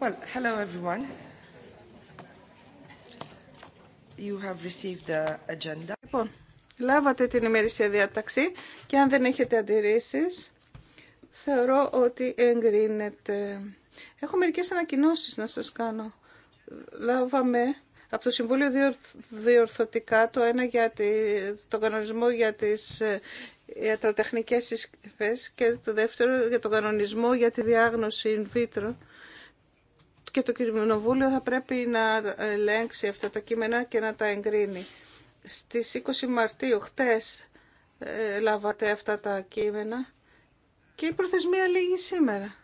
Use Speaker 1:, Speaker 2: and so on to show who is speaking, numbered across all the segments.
Speaker 1: Well, hello everyone. You have received Λοιπόν, λάβατε την ημερήσια διάταξη και αν δεν έχετε αντιρρήσεις, θεωρώ ότι εγκρίνεται. Έχω μερικές ανακοινώσεις να σας κάνω. Λάβαμε από το Συμβούλιο διορθωτικά το ένα για τον κανονισμό για τις ε, ιατροτεχνικές συσκευές και το δεύτερο για τον κανονισμό για τη διάγνωση in vitro και το Κοινοβούλιο θα πρέπει να ελέγξει αυτά τα κείμενα και να τα εγκρίνει. Στις 20 Μαρτίου, χτες, ε, λάβατε αυτά τα κείμενα και η προθεσμία λήγει σήμερα.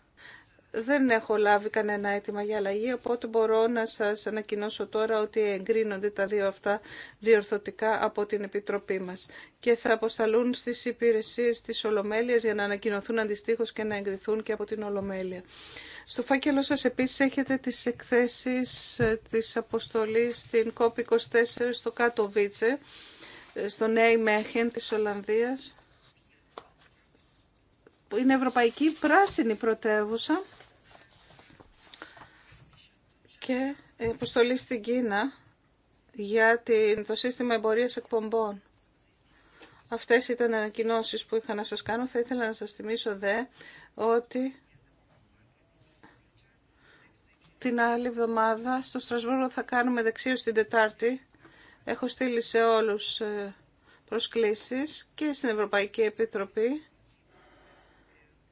Speaker 1: Δεν έχω λάβει κανένα αίτημα για αλλαγή, οπότε μπορώ να σας ανακοινώσω τώρα ότι εγκρίνονται τα δύο αυτά διορθωτικά από την Επιτροπή μας και θα αποσταλούν στις υπηρεσίες της Ολομέλειας για να ανακοινωθούν αντιστοίχως και να εγκριθούν και από την Ολομέλεια. Στο φάκελο σας επίσης έχετε τις εκθέσεις της αποστολής στην COP24 στο Κάτω Βίτσε, στο Νέι Μέχεν της Ολλανδίας. Είναι ευρωπαϊκή πράσινη πρωτεύουσα και αποστολή στην Κίνα για το σύστημα εμπορίας εκπομπών. Αυτές ήταν οι ανακοινώσει που είχα να σας κάνω. Θα ήθελα να σας θυμίσω δε ότι την άλλη εβδομάδα στο Στρασβούργο θα κάνουμε δεξίω την Τετάρτη. Έχω στείλει σε όλους ε, προσκλήσεις και στην Ευρωπαϊκή Επιτροπή.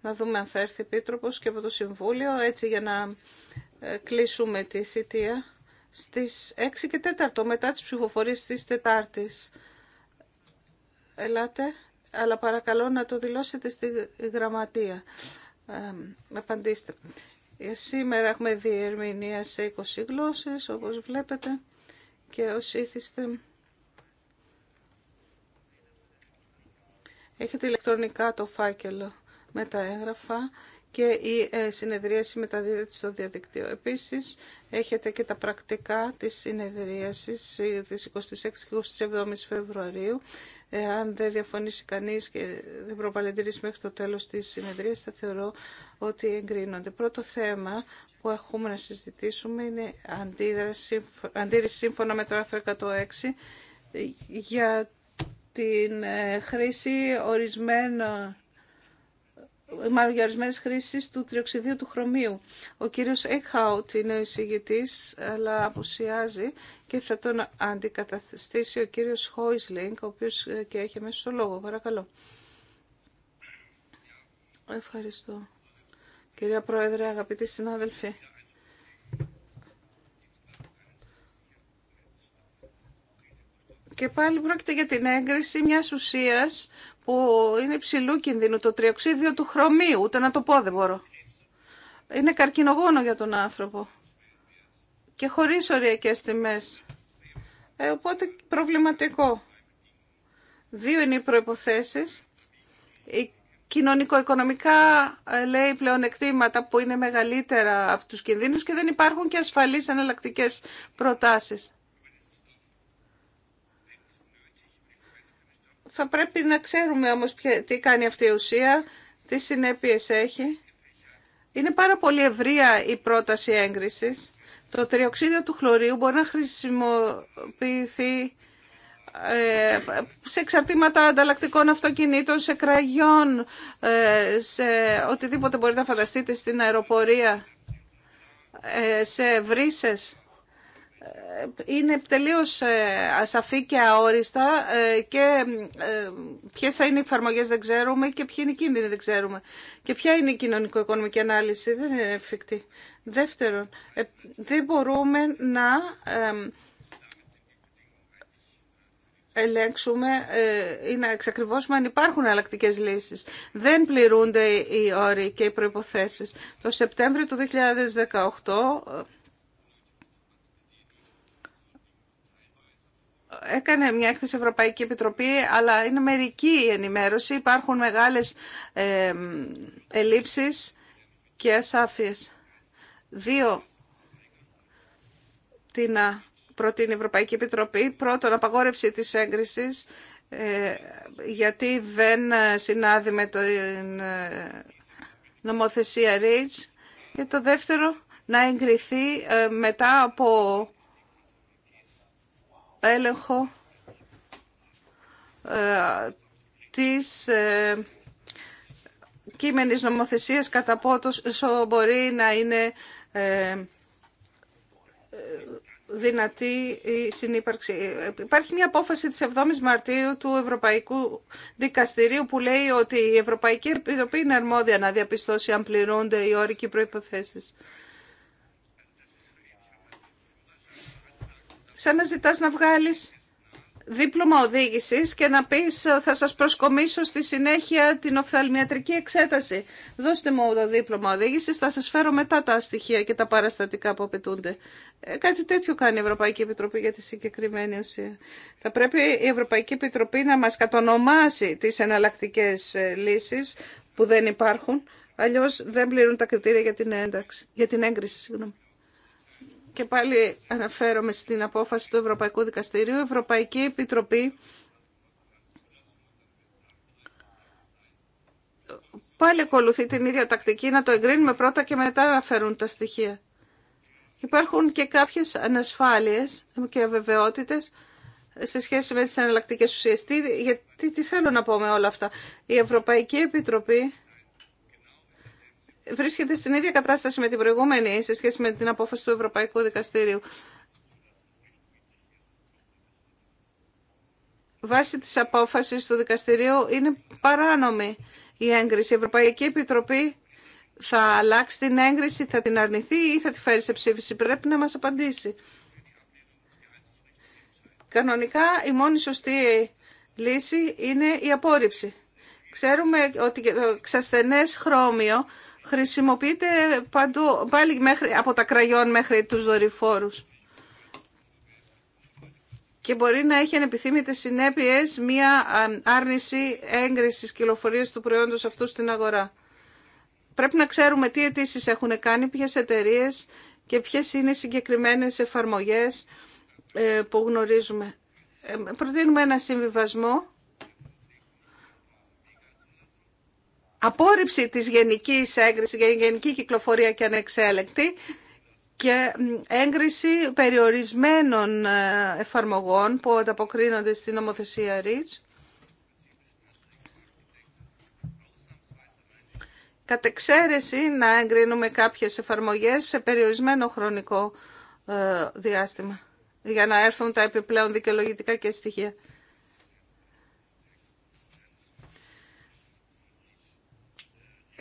Speaker 1: Να δούμε αν θα έρθει επίτροπος και από το Συμβούλιο, έτσι για να ε, κλείσουμε τη θητεία στις 6 και 4 μετά τις ψηφοφορίες της Τετάρτης. Ελάτε, αλλά παρακαλώ να το δηλώσετε στη γραμματεία. Ε, απαντήστε. Σήμερα έχουμε διερμηνία σε 20 γλώσσες, όπως βλέπετε, και ως ήθιστε... Έχετε ηλεκτρονικά το φάκελο με τα έγγραφα και η ε, συνεδρίαση μεταδίδεται στο διαδικτύο. Επίσης, έχετε και τα πρακτικά της συνεδρίασης ε, της 26 και 27 Φεβρουαρίου. Ε, αν δεν διαφωνήσει κανείς και δεν προπαλεντρήσει μέχρι το τέλος της συνεδρίας, θα θεωρώ ότι εγκρίνονται. Πρώτο θέμα που έχουμε να συζητήσουμε είναι αντίδραση, αντίρρηση σύμφωνα με το άρθρο 106 για την χρήση ορισμένων μάλλον για ορισμένε χρήσει του τριοξιδίου του χρωμίου. Ο κύριος Έκχαουτ είναι ο εισηγητής, αλλά απουσιάζει και θα τον αντικαταστήσει ο κύριος Χόισλινγκ, ο οποίος ε, και έχει μέσα στο λόγο. Παρακαλώ. Ευχαριστώ. Κυρία Πρόεδρε, αγαπητοί συνάδελφοι. Και πάλι πρόκειται για την έγκριση μιας ουσίας που είναι υψηλού κινδύνου, το τριοξίδιο του χρωμίου, ούτε να το πω δεν μπορώ. Είναι καρκινογόνο για τον άνθρωπο και χωρίς οριακές τιμές. Ε, οπότε προβληματικό. Δύο είναι οι προϋποθέσεις. Οι κοινωνικο-οικονομικά ε, λέει πλεονεκτήματα που είναι μεγαλύτερα από τους κινδύνους και δεν υπάρχουν και ασφαλείς εναλλακτικέ προτάσεις. Θα πρέπει να ξέρουμε όμως τι κάνει αυτή η ουσία, τι συνέπειες έχει. Είναι πάρα πολύ ευρεία η πρόταση έγκρισης. Το τριοξίδιο του χλωρίου μπορεί να χρησιμοποιηθεί ε, σε εξαρτήματα ανταλλακτικών αυτοκινήτων, σε κραγιών, ε, σε οτιδήποτε μπορείτε να φανταστείτε στην αεροπορία, ε, σε βρύσες είναι τελείως ε, ασαφή και αόριστα ε, και ε, ποιες θα είναι οι εφαρμογές δεν ξέρουμε και ποιοι είναι οι κίνδυνοι δεν ξέρουμε. Και ποια είναι η κοινωνικο-οικονομική ανάλυση δεν είναι εφικτή. Δεύτερον, δεν μπορούμε να ελέγξουμε ή να εξακριβώσουμε αν υπάρχουν αλλακτικέ λύσεις. Δεν πληρούνται οι όροι και οι προϋποθέσεις. Το Σεπτέμβριο του 2018 έκανε μια έκθεση Ευρωπαϊκή Επιτροπή, αλλά είναι μερική η ενημέρωση. Υπάρχουν μεγάλες ε, ελλείψεις και ασάφειες. Δύο, τι να προτείνει η Ευρωπαϊκή Επιτροπή. Πρώτον, απαγόρευση της έγκρισης, ε, γιατί δεν ε, συνάδει με την ε, νομοθεσία REACH. Και το δεύτερο, να εγκριθεί μετά από έλεγχο ε, της ε, κείμενης νομοθεσίας κατά πόσο μπορεί να είναι ε, δυνατή η συνύπαρξη. Υπάρχει μια απόφαση της 7ης Μαρτίου του Ευρωπαϊκού Δικαστηρίου που λέει ότι η Ευρωπαϊκή Επιτροπή είναι αρμόδια να διαπιστώσει αν πληρούνται οι όρικοι προϋποθέσεις. σαν να ζητάς να βγάλεις δίπλωμα οδήγησης και να πεις «Ε, θα σας προσκομίσω στη συνέχεια την οφθαλμιατρική εξέταση. Δώστε μου το δίπλωμα οδήγησης, θα σας φέρω μετά τα στοιχεία και τα παραστατικά που απαιτούνται. Ε, κάτι τέτοιο κάνει η Ευρωπαϊκή Επιτροπή για τη συγκεκριμένη ουσία. Θα πρέπει η Ευρωπαϊκή Επιτροπή να μας κατονομάσει τις εναλλακτικέ ε, λύσεις που δεν υπάρχουν, αλλιώς δεν πληρούν τα κριτήρια για την, ένταξη, για την έγκριση και πάλι αναφέρομαι στην απόφαση του Ευρωπαϊκού Δικαστηρίου, η Ευρωπαϊκή Επιτροπή πάλι ακολουθεί την ίδια τακτική να το εγκρίνουμε πρώτα και μετά να φέρουν τα στοιχεία. Υπάρχουν και κάποιες ανασφάλειες και αβεβαιότητες σε σχέση με τις εναλλακτικέ ουσίες. γιατί, τι θέλω να πω με όλα αυτά. Η Ευρωπαϊκή Επιτροπή βρίσκεται στην ίδια κατάσταση με την προηγούμενη σε σχέση με την απόφαση του Ευρωπαϊκού Δικαστήριου. Βάσει της απόφασης του δικαστηρίου είναι παράνομη η έγκριση. Η Ευρωπαϊκή Επιτροπή θα αλλάξει την έγκριση, θα την αρνηθεί ή θα τη φέρει σε ψήφιση. Πρέπει να μας απαντήσει. Κανονικά η μόνη σωστή λύση είναι η απόρριψη. Ξέρουμε ότι το ξασθενές χρώμιο χρησιμοποιείται παντού, πάλι μέχρι, από τα κραγιόν μέχρι τους δορυφόρους. Και μπορεί να έχει ανεπιθύμητες συνέπειες μία άρνηση έγκρισης κυλοφορίας του προϊόντος αυτού στην αγορά. Πρέπει να ξέρουμε τι αιτήσει έχουν κάνει, ποιε εταιρείε και ποιες είναι οι συγκεκριμένες εφαρμογές ε, που γνωρίζουμε. Ε, προτείνουμε ένα συμβιβασμό απόρριψη της γενικής έγκρισης για γενική κυκλοφορία και ανεξέλεκτη και έγκριση περιορισμένων ε, εφαρμογών που ανταποκρίνονται στην νομοθεσία REACH. Κατ' εξαίρεση να εγκρίνουμε κάποιες εφαρμογές σε περιορισμένο χρονικό ε, διάστημα για να έρθουν τα επιπλέον δικαιολογητικά και στοιχεία.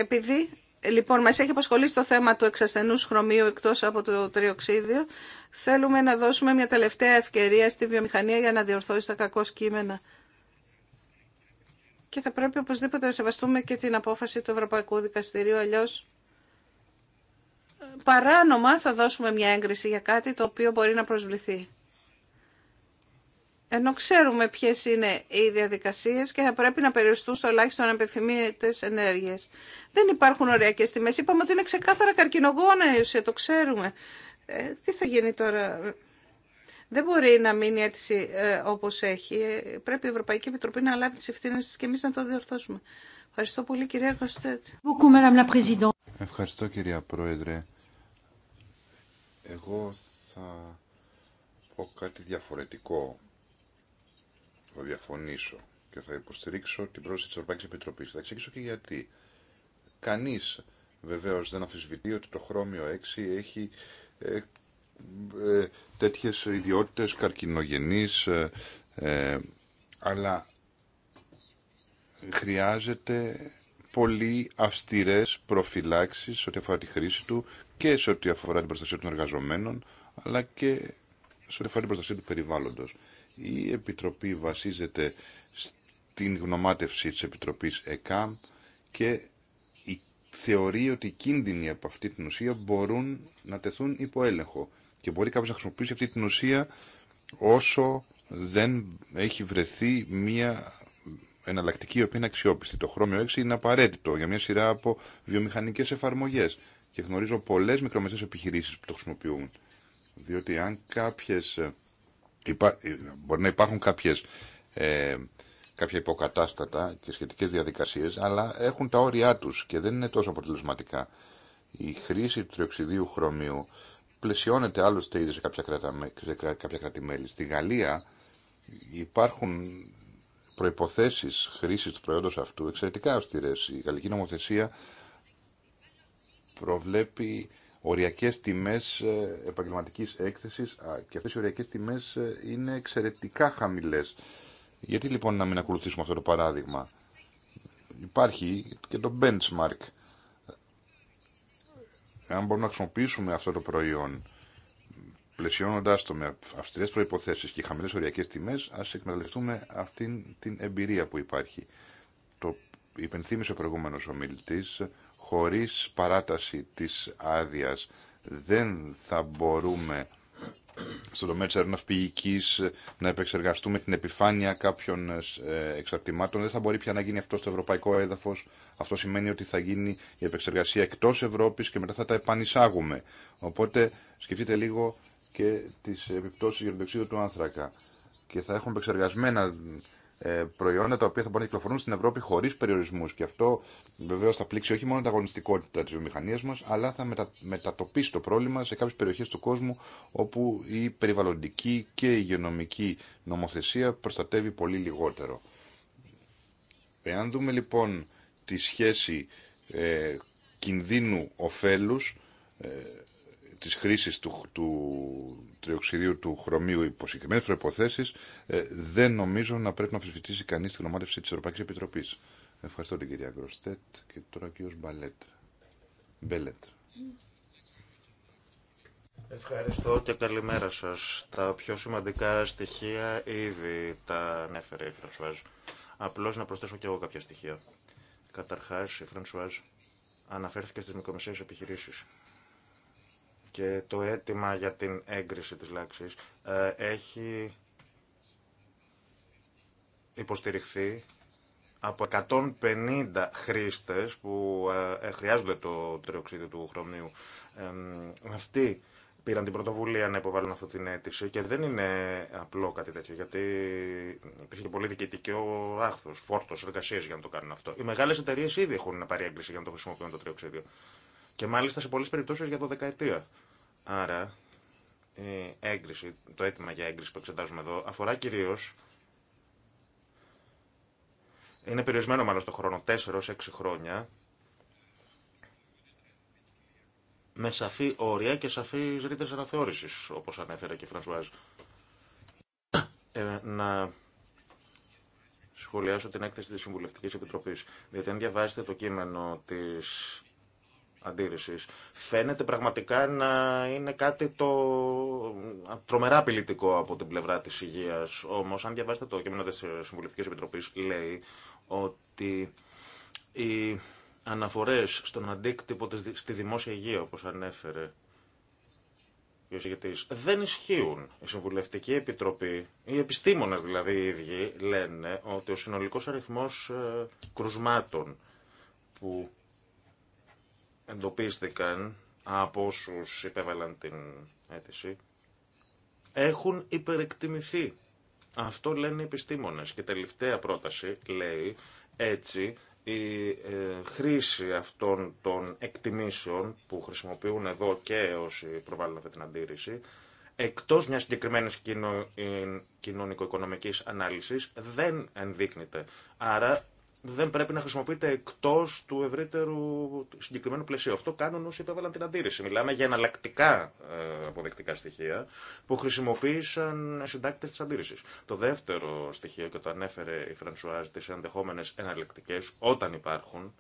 Speaker 1: Επειδή λοιπόν μας έχει απασχολήσει το θέμα του εξασθενούς χρωμίου εκτός από το τριοξίδιο, θέλουμε να δώσουμε μια τελευταία ευκαιρία στη βιομηχανία για να διορθώσει τα κακό κείμενα. Και θα πρέπει οπωσδήποτε να σεβαστούμε και την απόφαση του Ευρωπαϊκού Δικαστηρίου, αλλιώς ε, παράνομα θα δώσουμε μια έγκριση για κάτι το οποίο μπορεί να προσβληθεί ενώ ξέρουμε ποιε είναι οι διαδικασίε και θα πρέπει να περιοριστούν στο ελάχιστο αναπεθυμίτες ενέργειες. Δεν υπάρχουν ωριακέ τιμέ. Είπαμε ότι είναι ξεκάθαρα καρκινογόνα η ε, ουσία, το ξέρουμε. Ε, τι θα γίνει τώρα. Δεν μπορεί να μείνει έτσι ε, όπως έχει. Ε, πρέπει η Ευρωπαϊκή Επιτροπή να λάβει τι ευθύνε τη και εμεί να το διορθώσουμε. Ευχαριστώ πολύ κυρία Κωστέτ.
Speaker 2: Ευχαριστώ κυρία Πρόεδρε. Εγώ θα πω κάτι διαφορετικό θα διαφωνήσω και θα υποστηρίξω την πρόσθεση τη Ευρωπαϊκή Επιτροπή. Θα εξηγήσω και γιατί. Κανεί βεβαίω δεν αμφισβητεί ότι το χρώμιο 6 έχει ε, ε, τέτοιε ιδιότητε καρκινογενεί, ε, ε, αλλά χρειάζεται πολύ αυστηρές προφυλάξει σε ό,τι αφορά τη χρήση του και σε ό,τι αφορά την προστασία των εργαζομένων αλλά και σε ό,τι αφορά την προστασία του περιβάλλοντος. Η Επιτροπή βασίζεται στην γνωμάτευση της Επιτροπής ΕΚΑΜ και θεωρεί ότι οι κίνδυνοι από αυτή την ουσία μπορούν να τεθούν υπό έλεγχο και μπορεί κάποιος να χρησιμοποιήσει αυτή την ουσία όσο δεν έχει βρεθεί μία εναλλακτική η οποία είναι αξιόπιστη. Το χρώμιο 6 είναι απαραίτητο για μια σειρά από βιομηχανικές εφαρμογές και γνωρίζω πολλές μικρομεσαίες επιχειρήσεις που το χρησιμοποιούν. Διότι αν κάποιες μπορεί να υπάρχουν κάποιες, ε, κάποια υποκατάστατα και σχετικές διαδικασίες, αλλά έχουν τα όρια τους και δεν είναι τόσο αποτελεσματικά. Η χρήση του τριοξιδίου χρωμίου πλαισιώνεται άλλωστε ήδη σε κάποια, σε κάποια κράτη-μέλη. Στη Γαλλία υπάρχουν προϋποθέσεις χρήσης του προϊόντος αυτού εξαιρετικά αυστηρές. Η γαλλική νομοθεσία προβλέπει οριακές τιμές ε, επαγγελματικής έκθεσης και αυτές οι οριακές τιμές ε, είναι εξαιρετικά χαμηλές. Γιατί λοιπόν να μην ακολουθήσουμε αυτό το παράδειγμα. Υπάρχει και το benchmark. Αν μπορούμε να χρησιμοποιήσουμε αυτό το προϊόν πλαισιώνοντάς το με αυστηρές προϋποθέσεις και χαμηλές οριακές τιμές, ας εκμεταλλευτούμε αυτή την εμπειρία που υπάρχει. Το υπενθύμισε ο προηγούμενος ομιλητής, χωρίς παράταση της άδειας δεν θα μπορούμε στον τομέα της αερονοσπηγικής να επεξεργαστούμε την επιφάνεια κάποιων ε, εξαρτημάτων. Δεν θα μπορεί πια να γίνει αυτό στο ευρωπαϊκό έδαφος. Αυτό σημαίνει ότι θα γίνει η επεξεργασία εκτός Ευρώπης και μετά θα τα επανεισάγουμε. Οπότε σκεφτείτε λίγο και τις επιπτώσεις για τον του άνθρακα. Και θα έχουν επεξεργασμένα ε, προϊόντα τα οποία θα μπορούν να κυκλοφορούν στην Ευρώπη χωρί περιορισμού. Και αυτό βεβαίω θα πλήξει όχι μόνο την αγωνιστικότητα τη βιομηχανία μα, αλλά θα μετατοπίσει το πρόβλημα σε κάποιε περιοχέ του κόσμου όπου η περιβαλλοντική και η υγειονομική νομοθεσία προστατεύει πολύ λιγότερο. Εάν δούμε λοιπόν τη σχέση ε, κινδύνου-οφέλους, ε, της χρήσης του, του τριοξιδίου του χρωμίου υπό συγκεκριμένες προϋποθέσεις ε, δεν νομίζω να πρέπει να αμφισβητήσει κανείς την ομάδευση της Ευρωπαϊκής Επιτροπής. Ευχαριστώ την κυρία Γκροστέτ και τώρα ο κύριος Μπαλέτ. Μπέλετ.
Speaker 3: Ευχαριστώ και καλημέρα σας. Τα πιο σημαντικά στοιχεία ήδη τα ανέφερε η Φρανσουάζ. Απλώς να προσθέσω και εγώ κάποια στοιχεία. Καταρχάς, η Φρανσουάζ αναφέρθηκε στις μικρομεσαίες επιχειρήσεις και το αίτημα για την έγκριση της λάξης ε, έχει υποστηριχθεί από 150 χρήστες που ε, ε, χρειάζονται το τριοξίδιο του χρωμίου. Αυτοί πήραν την πρωτοβουλία να υποβάλουν αυτή την αίτηση και δεν είναι απλό κάτι τέτοιο, γιατί υπήρχε πολύ διοικητικό άχθος, φόρτος, εργασίε για να το κάνουν αυτό. Οι μεγάλες εταιρείε ήδη έχουν πάρει έγκριση για να το χρησιμοποιούν το τριοξίδιο. Και μάλιστα σε πολλέ περιπτώσει για δωδεκαετία. Άρα, η έγκριση, το αίτημα για έγκριση που εξετάζουμε εδώ αφορά κυρίω. Είναι περιορισμένο μάλλον στο χρόνο 4-6 χρόνια. Με σαφή όρια και σαφή ρήτε αναθεώρηση, όπω ανέφερε και η Φρανσουάζ. Ε, να σχολιάσω την έκθεση τη Συμβουλευτική Επιτροπή. Διότι αν διαβάσετε το κείμενο τη αντίρρησης φαίνεται πραγματικά να είναι κάτι το τρομερά απειλητικό από την πλευρά της υγείας. Όμως, αν διαβάσετε το κείμενο τη Συμβουλευτική Επιτροπής, λέει ότι οι αναφορές στον αντίκτυπο στη δημόσια υγεία, όπως ανέφερε δεν ισχύουν. Η Συμβουλευτική Επιτροπή, οι επιστήμονε δηλαδή οι ίδιοι, λένε ότι ο συνολικό αριθμό ε, κρουσμάτων που εντοπίστηκαν από όσου υπέβαλαν την αίτηση έχουν υπερεκτιμηθεί. Αυτό λένε οι επιστήμονες. Και τελευταία πρόταση λέει έτσι η ε, χρήση αυτών των εκτιμήσεων που χρησιμοποιούν εδώ και όσοι προβάλλουν αυτή την αντίρρηση, εκτός μιας συγκεκριμένης ε, κοινωνικο-οικονομικής ανάλυσης, δεν ενδείκνυται. Άρα δεν πρέπει να χρησιμοποιείται εκτό του ευρύτερου συγκεκριμένου πλαισίου. Αυτό κάνουν όσοι υπέβαλαν την αντίρρηση. Μιλάμε για εναλλακτικά ε, αποδεκτικά στοιχεία που χρησιμοποίησαν συντάκτε τη αντίρρηση. Το δεύτερο στοιχείο, και το ανέφερε η Φρανσουάζ, τι ενδεχόμενε εναλλακτικέ, όταν υπάρχουν,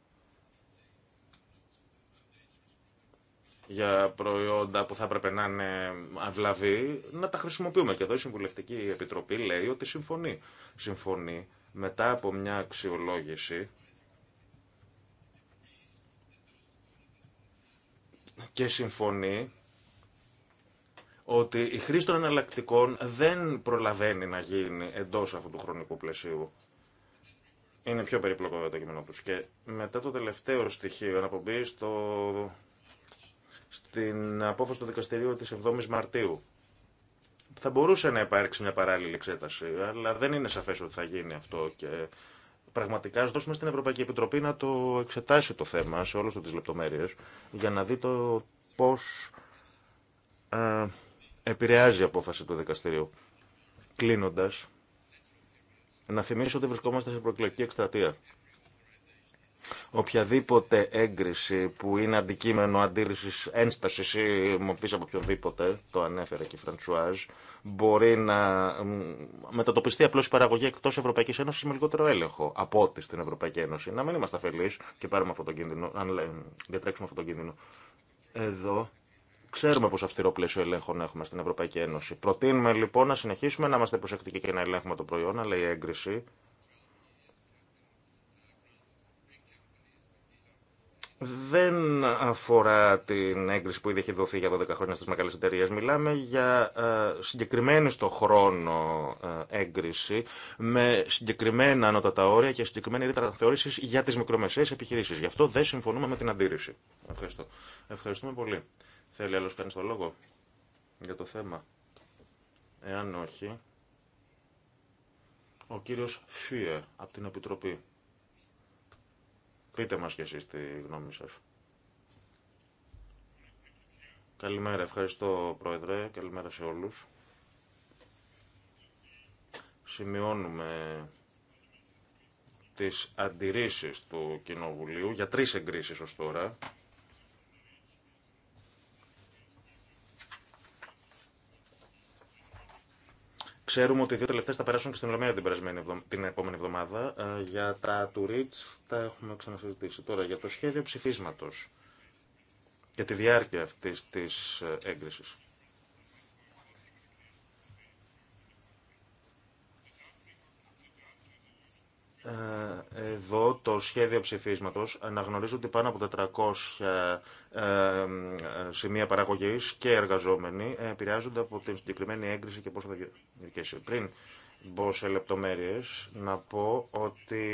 Speaker 3: για προϊόντα που θα έπρεπε να είναι αυλαβή, να τα χρησιμοποιούμε. Και εδώ η Συμβουλευτική Επιτροπή λέει ότι συμφωνεί. Συμφωνεί μετά από μια αξιολόγηση και συμφωνεί ότι η χρήση των εναλλακτικών δεν προλαβαίνει να γίνει εντός αυτού του χρονικού πλαισίου. Είναι πιο περίπλοκο το κείμενο τους. Και μετά το τελευταίο στοιχείο, αναπομπή στο... στην απόφαση του δικαστηρίου της 7ης Μαρτίου θα μπορούσε να υπάρξει μια παράλληλη εξέταση, αλλά δεν είναι σαφές ότι θα γίνει αυτό και πραγματικά α δώσουμε στην Ευρωπαϊκή Επιτροπή να το εξετάσει το θέμα σε όλε τι λεπτομέρειε για να δει το πώς ε, επηρεάζει η απόφαση του δικαστηρίου. Κλείνοντας, να θυμίσω ότι βρισκόμαστε σε προεκλογική εκστρατεία Οποιαδήποτε έγκριση που είναι αντικείμενο αντίρρηση ένσταση ή μορφή από οποιοδήποτε, το ανέφερε και η Φραντσουάζ, μπορεί να μετατοπιστεί απλώ η παραγωγή εκτό Ευρωπαϊκή Ένωση με λιγότερο έλεγχο από ό,τι στην Ευρωπαϊκή Ένωση. Να μην είμαστε αφελεί και πάρουμε αυτόν τον κίνδυνο, αν διατρέξουμε αυτόν τον κίνδυνο. Εδώ Ξέρουμε πόσο αυστηρό πλαίσιο ελέγχων έχουμε στην Ευρωπαϊκή Ένωση. Προτείνουμε λοιπόν να συνεχίσουμε να είμαστε προσεκτικοί και να ελέγχουμε το προϊόν, αλλά η έγκριση δεν αφορά την έγκριση που ήδη έχει δοθεί για 12 χρόνια στις μεγάλες εταιρείε. Μιλάμε για ε, συγκεκριμένη στο χρόνο ε, έγκριση με συγκεκριμένα ανώτατα όρια και συγκεκριμένη ρήτρα θεώρησης για τις μικρομεσαίες επιχειρήσεις. Γι' αυτό δεν συμφωνούμε με την αντίρρηση. Ευχαριστώ. Ευχαριστούμε πολύ. Θέλει άλλος κανείς το λόγο για το θέμα. Εάν όχι, ο κύριος Φίε από την Επιτροπή. Πείτε μας κι εσείς τη γνώμη σας. Καλημέρα, ευχαριστώ Πρόεδρε, καλημέρα σε όλους. Σημειώνουμε τις αντιρρήσεις του Κοινοβουλίου για τρεις εγκρίσεις ως τώρα Ξέρουμε ότι οι δύο τελευταίε θα περάσουν και στην Ολομέλεια την, επόμενη εβδομάδα. Ε, για τα του Ριτ τα έχουμε ξανασυζητήσει. Τώρα για το σχέδιο ψηφίσματος και τη διάρκεια αυτή τη ε, έγκριση. Ε, εδώ το σχέδιο ψηφίσματος αναγνωρίζει ότι πάνω από 400 ε, ε, σημεία παραγωγής και εργαζόμενοι επηρεάζονται από την συγκεκριμένη έγκριση και πόσο θα διαρκέσει. Πριν μπω σε λεπτομέρειες, να πω ότι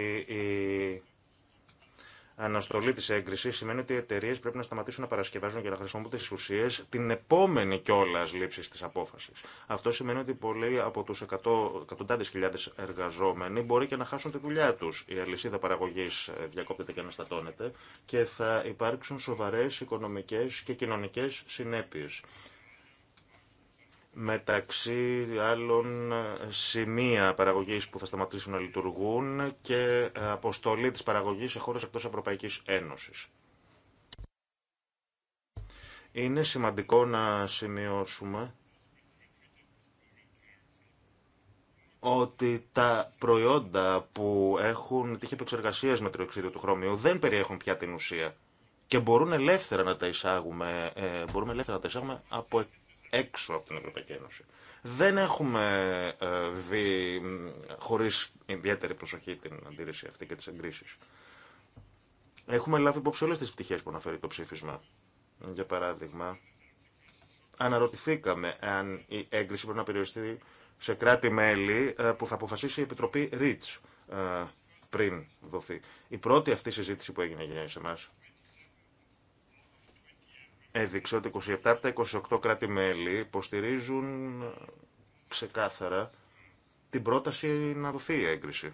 Speaker 3: αναστολή τη έγκριση σημαίνει ότι οι εταιρείε πρέπει να σταματήσουν να παρασκευάζουν και να χρησιμοποιούν τι ουσίε την επόμενη κιόλα λήψη τη απόφαση. Αυτό σημαίνει ότι πολλοί από του εκατοντάδε χιλιάδε εργαζόμενοι μπορεί και να χάσουν τη δουλειά του. Η αλυσίδα παραγωγή ε, διακόπτεται και αναστατώνεται και θα υπάρξουν σοβαρέ οικονομικέ και κοινωνικέ συνέπειε μεταξύ άλλων σημεία παραγωγής που θα σταματήσουν να λειτουργούν και αποστολή της παραγωγής σε χώρες εκτός Ευρωπαϊκής Ένωσης. Είναι σημαντικό να σημειώσουμε ότι τα προϊόντα που έχουν τύχη επεξεργασίας με τριοξίδιο του χρώμιου δεν περιέχουν πια την ουσία και μπορούν ελεύθερα να τα εισάγουμε, ε, μπορούμε ελεύθερα να τα εισάγουμε από έξω από την Ευρωπαϊκή Ένωση. Δεν έχουμε ε, δει χωρίς ιδιαίτερη προσοχή την αντίρρηση αυτή και τις εγκρίσεις. Έχουμε λάβει υπόψη όλες τις πτυχές που αναφέρει το ψήφισμα. Για παράδειγμα, αναρωτηθήκαμε αν η έγκριση πρέπει να περιοριστεί σε κράτη-μέλη ε, που θα αποφασίσει η Επιτροπή ΡΙΤΣ ε, πριν δοθεί. Η πρώτη αυτή συζήτηση που έγινε για εμά έδειξε ότι 27 από τα 28 κράτη-μέλη υποστηρίζουν ξεκάθαρα την πρόταση να δοθεί η έγκριση.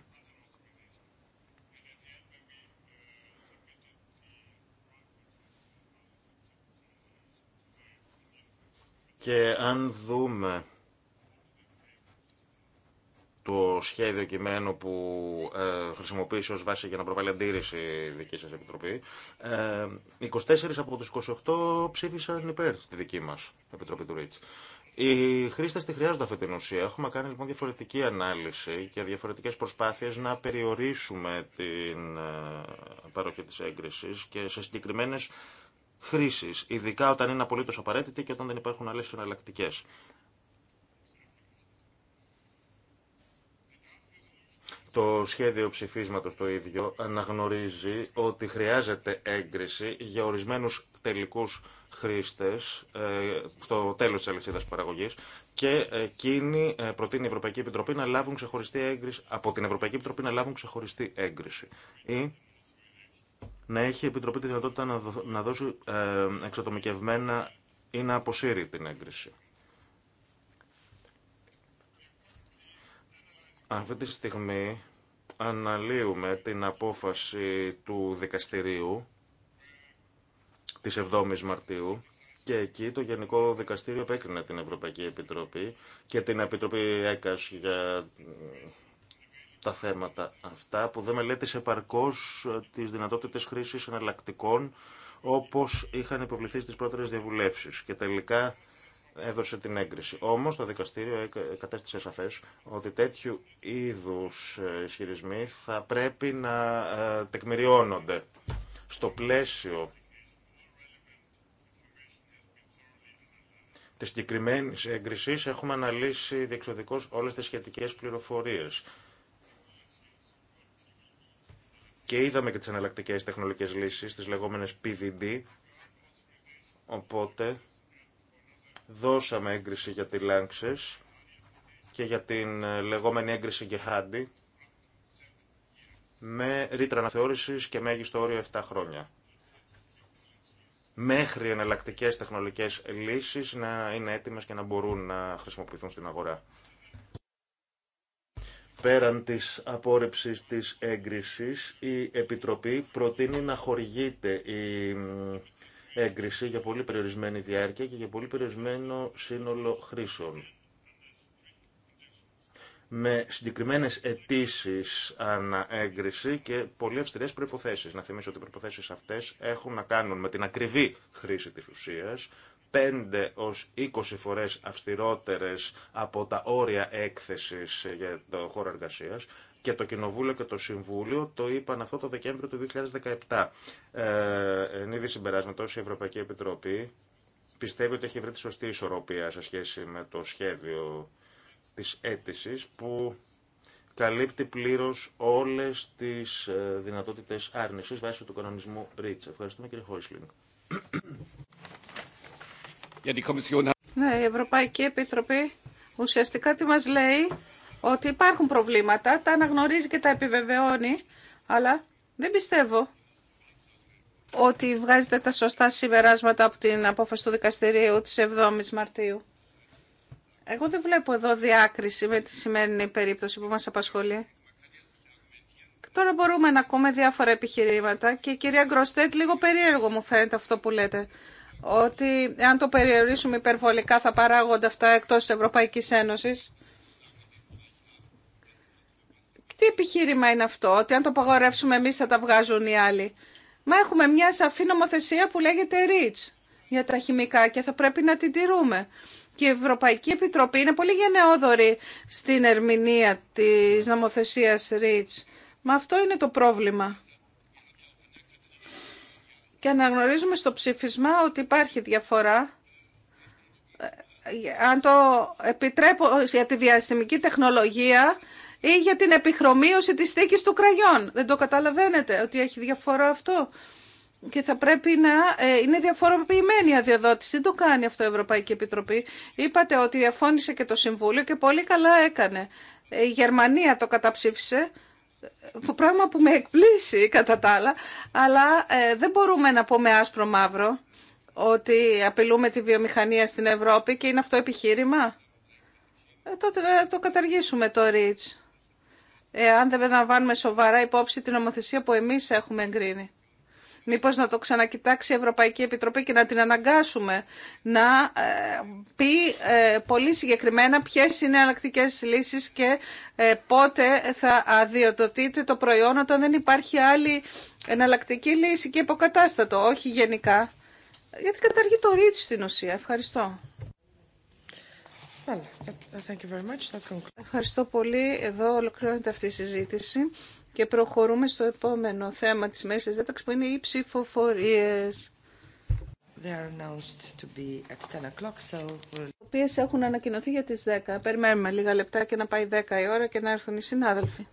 Speaker 3: Και αν δούμε το σχέδιο κειμένου που ε, χρησιμοποίησε ως βάση για να προβάλλει αντίρρηση η δική σας Επιτροπή. Ε, 24 από τους 28 ψήφισαν υπέρ στη δική μας Επιτροπή του ΡΙΤΣ. Οι χρήστε τη χρειάζονται αυτή την ουσία. Έχουμε κάνει λοιπόν διαφορετική ανάλυση και διαφορετικέ προσπάθειε να περιορίσουμε την ε, παροχή τη έγκριση και σε συγκεκριμένε χρήσει, ειδικά όταν είναι απολύτω απαραίτητη και όταν δεν υπάρχουν άλλε εναλλακτικέ. Το σχέδιο ψηφίσματος το ίδιο αναγνωρίζει ότι χρειάζεται έγκριση για ορισμένους τελικούς χρήστες ε, στο τέλος της αλυσίδας παραγωγής και εκείνη ε, προτείνει η Ευρωπαϊκή Επιτροπή να λάβουν ξεχωριστή έγκριση, από την Ευρωπαϊκή Επιτροπή να λάβουν ξεχωριστή έγκριση ή να έχει η Επιτροπή τη δυνατότητα να δώσει ε, εξατομικευμένα ή να αποσύρει την έγκριση. Αυτή τη στιγμή αναλύουμε την απόφαση του δικαστηρίου της 7ης Μαρτίου και εκεί το Γενικό Δικαστήριο επέκρινε την Ευρωπαϊκή Επιτροπή και την Επιτροπή ΕΚΑΣ για τα θέματα αυτά που δεν μελέτησε επαρκώς τις δυνατότητες χρήσης εναλλακτικών όπως είχαν υποβληθεί στις πρώτερες διαβουλεύσεις. Και τελικά έδωσε την έγκριση. Όμω το δικαστήριο κατέστησε σαφέ ότι τέτοιου είδου ισχυρισμοί θα πρέπει να ε, τεκμηριώνονται στο πλαίσιο τη συγκεκριμένη έγκριση έχουμε αναλύσει διεξοδικώ όλε τι σχετικέ πληροφορίε. Και είδαμε και τι εναλλακτικέ τεχνολογικέ λύσει, τι λεγόμενε PDD. Οπότε Δώσαμε έγκριση για τη Λάνξες και για την ε, λεγόμενη έγκριση Γεχάντη με ρήτρα αναθεώρησης και μέγιστο όριο 7 χρόνια. Μέχρι εναλλακτικέ τεχνολογικές λύσεις να είναι έτοιμες και να μπορούν να χρησιμοποιηθούν στην αγορά πέραν της απόρρεψης της έγκρισης, η Επιτροπή προτείνει να χορηγείται η έγκριση για πολύ περιορισμένη διάρκεια και για πολύ περιορισμένο σύνολο χρήσεων. Με συγκεκριμένε αιτήσει αναέγκριση και πολύ αυστηρέ προποθέσει. Να θυμίσω ότι οι προποθέσει αυτέ έχουν να κάνουν με την ακριβή χρήση τη ουσία, 5 ως 20 φορές αυστηρότερες από τα όρια έκθεση για το χώρο εργασία και το Κοινοβούλιο και το Συμβούλιο το είπαν αυτό το Δεκέμβριο του 2017. Ε, εν είδη συμπεράσματο, η Ευρωπαϊκή Επιτροπή πιστεύει ότι έχει βρει τη σωστή ισορροπία σε σχέση με το σχέδιο της αίτηση που καλύπτει πλήρως όλες τις ε, δυνατότητες άρνησης βάσει του κανονισμού Ρίτσα. Ευχαριστούμε κύριε Χόισλινγκ.
Speaker 1: Ναι, η Ευρωπαϊκή Επιτροπή ουσιαστικά τι μας λέει ότι υπάρχουν προβλήματα, τα αναγνωρίζει και τα επιβεβαιώνει, αλλά δεν πιστεύω ότι βγάζετε τα σωστά συμπεράσματα από την απόφαση του δικαστηρίου της 7ης Μαρτίου. Εγώ δεν βλέπω εδώ διάκριση με τη σημερινή περίπτωση που μας απασχολεί. Τώρα μπορούμε να ακούμε διάφορα επιχειρήματα και η κυρία Γκροστέτ λίγο περίεργο μου φαίνεται αυτό που λέτε. Ότι αν το περιορίσουμε υπερβολικά θα παράγονται αυτά εκτός της Ευρωπαϊκής Ένωσης. Τι επιχείρημα είναι αυτό, ότι αν το απαγορεύσουμε εμείς θα τα βγάζουν οι άλλοι. Μα έχουμε μια σαφή νομοθεσία που λέγεται REACH για τα χημικά και θα πρέπει να την τηρούμε. Και η Ευρωπαϊκή Επιτροπή είναι πολύ γενναιόδορη στην ερμηνεία της νομοθεσίας REACH. Μα αυτό είναι το πρόβλημα. Και αναγνωρίζουμε στο ψήφισμα ότι υπάρχει διαφορά ε, ε, αν το επιτρέπω για τη διαστημική τεχνολογία ή για την επιχρωμίωση της θήκης του κραγιών. Δεν το καταλαβαίνετε ότι έχει διαφορά αυτό. Και θα πρέπει να ε, είναι διαφοροποιημένη η αδειοδότηση. Δεν το κάνει αυτό η Ευρωπαϊκή Επιτροπή. Είπατε ότι διαφώνησε και το Συμβούλιο και πολύ καλά έκανε. Ε, η Γερμανία το καταψήφισε ε, πράγμα που με εκπλήσει κατά τα άλλα, αλλά δεν μπορούμε να πούμε άσπρο μαύρο ότι απειλούμε τη βιομηχανία στην Ευρώπη και είναι αυτό επιχείρημα. Ε, τότε να το καταργήσουμε το ρίτς αν δεν λαμβάνουμε σοβαρά υπόψη την νομοθεσία που εμείς έχουμε εγκρίνει. Μήπως να το ξανακοιτάξει η Ευρωπαϊκή Επιτροπή και να την αναγκάσουμε να ε, πει ε, πολύ συγκεκριμένα ποιες είναι οι αλλακτικέ λύσεις και ε, πότε θα αδειοδοτείται το προϊόν όταν δεν υπάρχει άλλη εναλλακτική λύση και υποκατάστατο, όχι γενικά. Γιατί καταργεί το ρίτσι στην ουσία. Ευχαριστώ. Ευχαριστώ πολύ. Εδώ ολοκληρώνεται αυτή η συζήτηση και προχωρούμε στο επόμενο θέμα της μέρης της δέταξης που είναι οι ψηφοφορίες. They are announced to be at 10 so... Οι οποίες έχουν ανακοινωθεί για τις 10. Περιμένουμε λίγα λεπτά και να πάει 10 η ώρα και να έρθουν οι συνάδελφοι.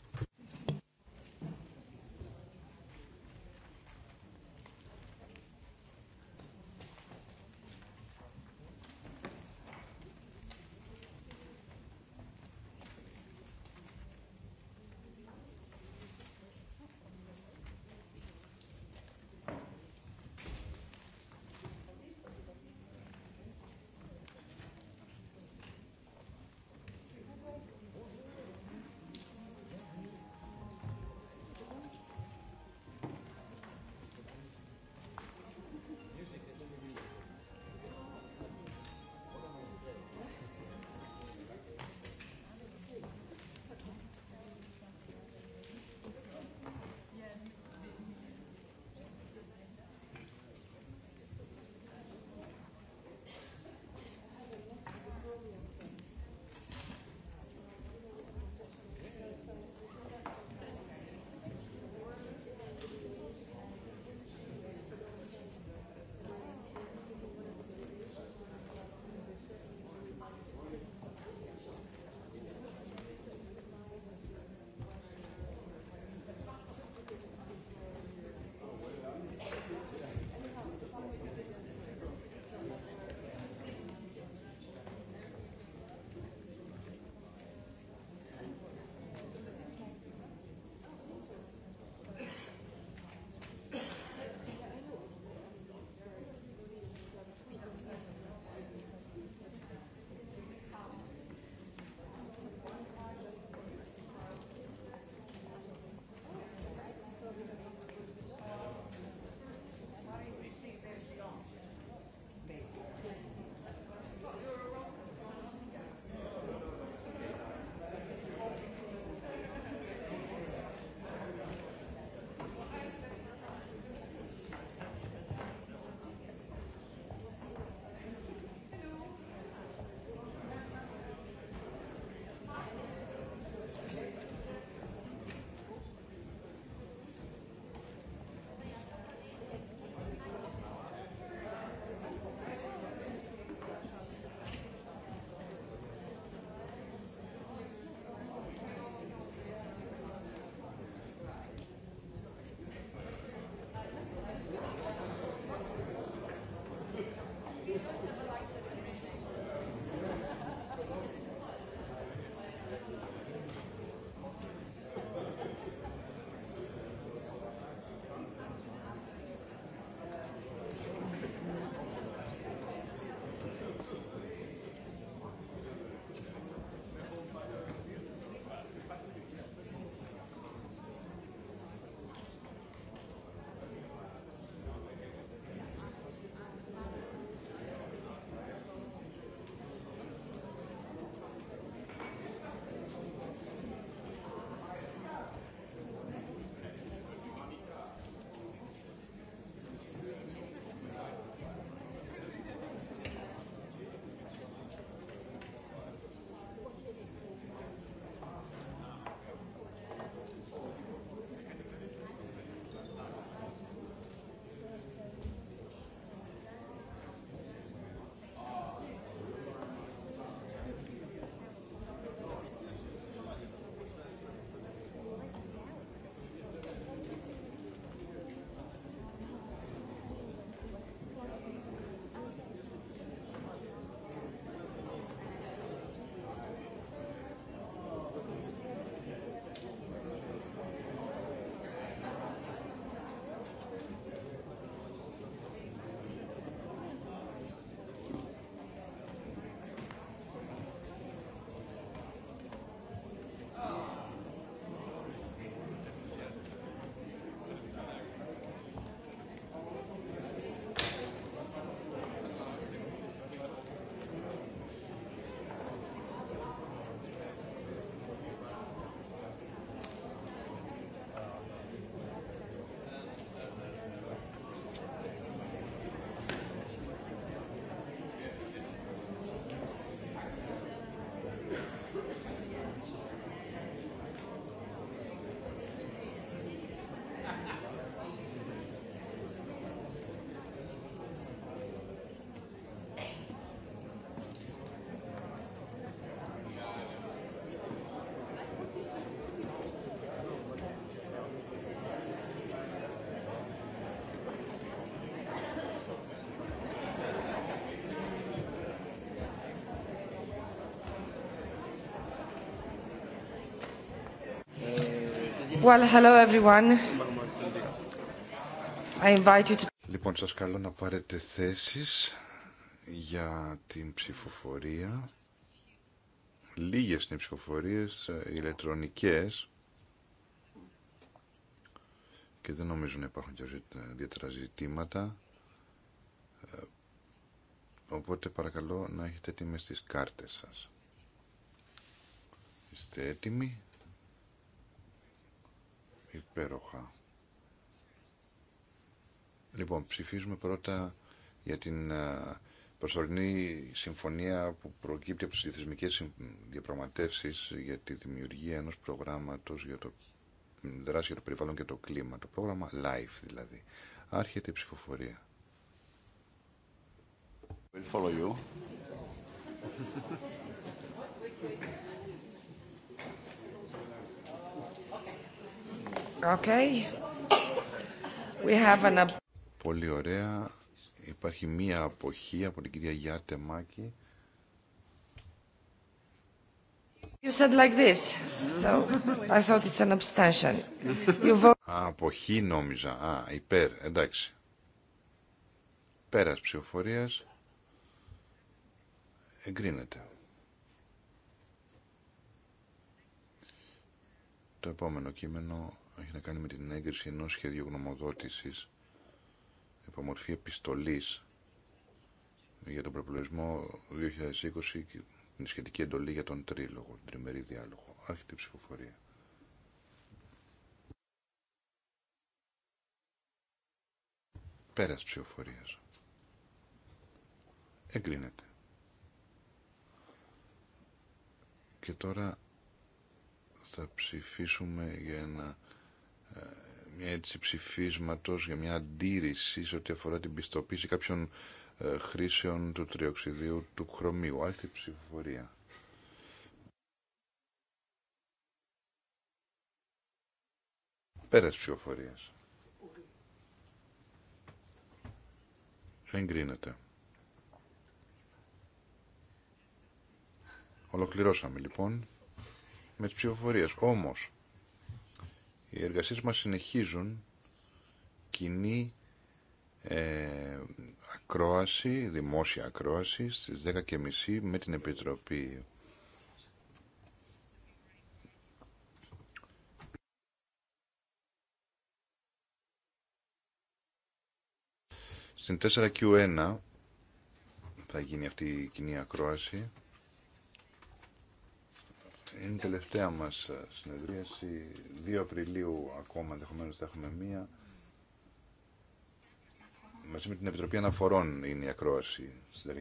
Speaker 1: Well, everyone. I invite you to...
Speaker 2: Λοιπόν, σας καλώ να πάρετε θέσεις για την ψηφοφορία. Λίγες είναι οι ψηφοφορίες ε, ηλεκτρονικές και δεν νομίζω να υπάρχουν και ιδιαίτερα ζητήματα. Ε, οπότε παρακαλώ να έχετε έτοιμες τις κάρτες σας. Είστε έτοιμοι υπέροχα. Λοιπόν, ψηφίζουμε πρώτα για την ε, προσωρινή συμφωνία που προκύπτει από τις διαθεσμικές διαπραγματεύσεις για τη δημιουργία ενός προγράμματος για το δράση για περιβάλλον και το κλίμα. Το πρόγραμμα LIFE δηλαδή. Άρχεται η ψηφοφορία.
Speaker 1: follow you. Okay. We have an...
Speaker 2: Πολύ ωραία. Υπάρχει μία αποχή από την κυρία Γιάρτε Μάκη.
Speaker 1: You said like this, so I thought it's an abstention.
Speaker 2: You vote... αποχή νόμιζα. Α, υπέρ. Εντάξει. Πέρας ψηφοφορίας. Εγκρίνεται. Το επόμενο κείμενο έχει να κάνει με την έγκριση ενός σχεδίου γνωμοδότησης υπό μορφή επιστολής για τον προπολογισμό 2020 και την σχετική εντολή για τον τρίλογο, τον τριμερή διάλογο. Άρχεται η ψηφοφορία. Πέρας ψηφοφορίας. Εγκρίνεται. Και τώρα θα ψηφίσουμε για ένα μια έτσι ψηφίσματος για μια αντίρρηση σε ό,τι αφορά την πιστοποίηση κάποιων ε, χρήσεων του τριοξιδίου του χρωμίου. Αυτή ψηφοφορία. Πέρας ψηφοφορίας. Εγκρίνεται. Ολοκληρώσαμε λοιπόν με τις ψηφοφορίες. Όμως, οι εργασίες μας συνεχίζουν. Κοινή ε, ακρόαση, δημόσια ακρόαση στις 10.30 με την Επιτροπή Στην 4Q1 θα γίνει αυτή η κοινή ακρόαση. Είναι η τελευταία μας ε, συνεδρίαση. 2 Απριλίου ακόμα ενδεχομένω θα έχουμε μία. Μαζί με την Επιτροπή Αναφορών είναι η ακρόαση